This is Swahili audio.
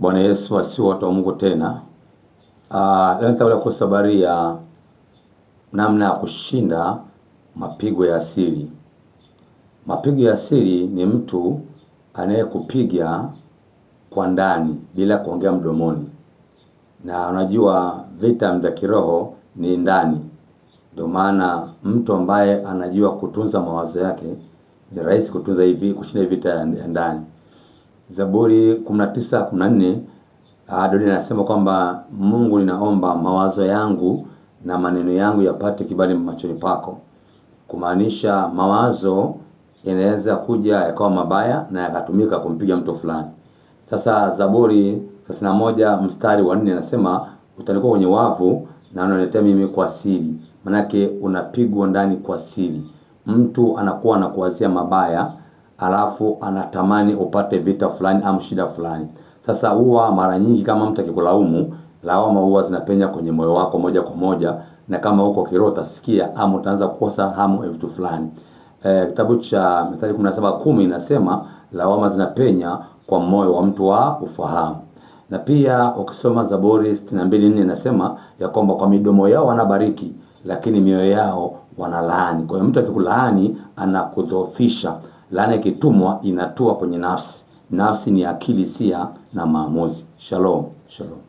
Bwana Yesu asio watu wa Mungu tena. Uh, leo nitakuletea habari ya namna ya kushinda mapigo ya asili. Mapigo ya asili ni mtu anayekupiga kwa ndani bila kuongea mdomoni, na unajua vita vya kiroho ni ndani. Ndio maana mtu ambaye anajua kutunza mawazo yake ni rahisi kutunza hivi kushinda vita ya ndani. Zaburi 19:14 ah, Daudi anasema kwamba Mungu, ninaomba mawazo yangu na maneno yangu yapate kibali machoni pako. Kumaanisha mawazo yanaweza kuja yakawa mabaya na yakatumika kumpiga mtu fulani. Sasa Zaburi 31 mstari wa 4 anasema utalikuwa kwenye wavu na unaletea mimi kwa siri. Manake unapigwa ndani kwa siri, mtu anakuwa anakuwazia mabaya alafu anatamani upate vita fulani au shida fulani. Sasa huwa mara nyingi kama mtu akikulaumu, lawama huwa zinapenya kwenye moyo wako moja kwa moja, na kama huko kiroho utasikia ama utaanza kukosa hamu ya vitu fulani. E, kitabu cha Mithali 17:10 inasema lawama zinapenya kwa moyo wa mtu wa ufahamu na pia ukisoma Zaburi 62:4 inasema ya kwamba kwa midomo yao wanabariki, lakini mioyo yao wanalaani. Kwa hiyo mtu akikulaani anakudhoofisha, Laana ikitumwa inatua kwenye nafsi. Nafsi ni akili, hisia na maamuzi. Shalom, shalom.